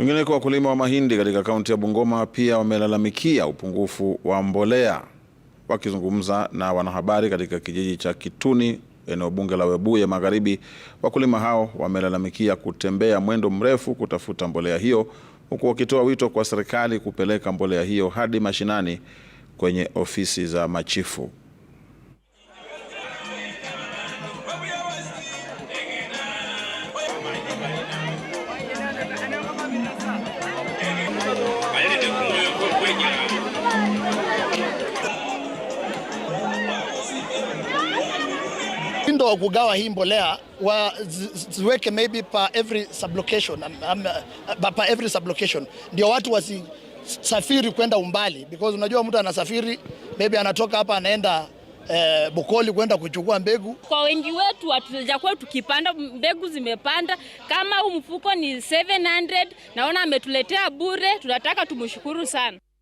Wengineko, wakulima wa mahindi katika kaunti ya Bungoma pia wamelalamikia upungufu wa mbolea. Wakizungumza na wanahabari katika kijiji cha Kituni, eneo bunge la Webuye Magharibi, wakulima hao wamelalamikia kutembea mwendo mrefu kutafuta mbolea hiyo, huku wakitoa wito kwa serikali kupeleka mbolea hiyo hadi mashinani kwenye ofisi za machifu. mtindo wa kugawa hii mbolea wa ziweke maybe per every sublocation, um, um, uh, per every sublocation ndio watu wasisafiri kwenda umbali, because unajua mtu anasafiri maybe anatoka hapa anaenda Eh, Bukoli kwenda kuchukua mbegu. Kwa wengi wetu hatujakuwa tukipanda mbegu, zimepanda kama huu mfuko ni 700 naona ametuletea bure, tunataka tumshukuru sana.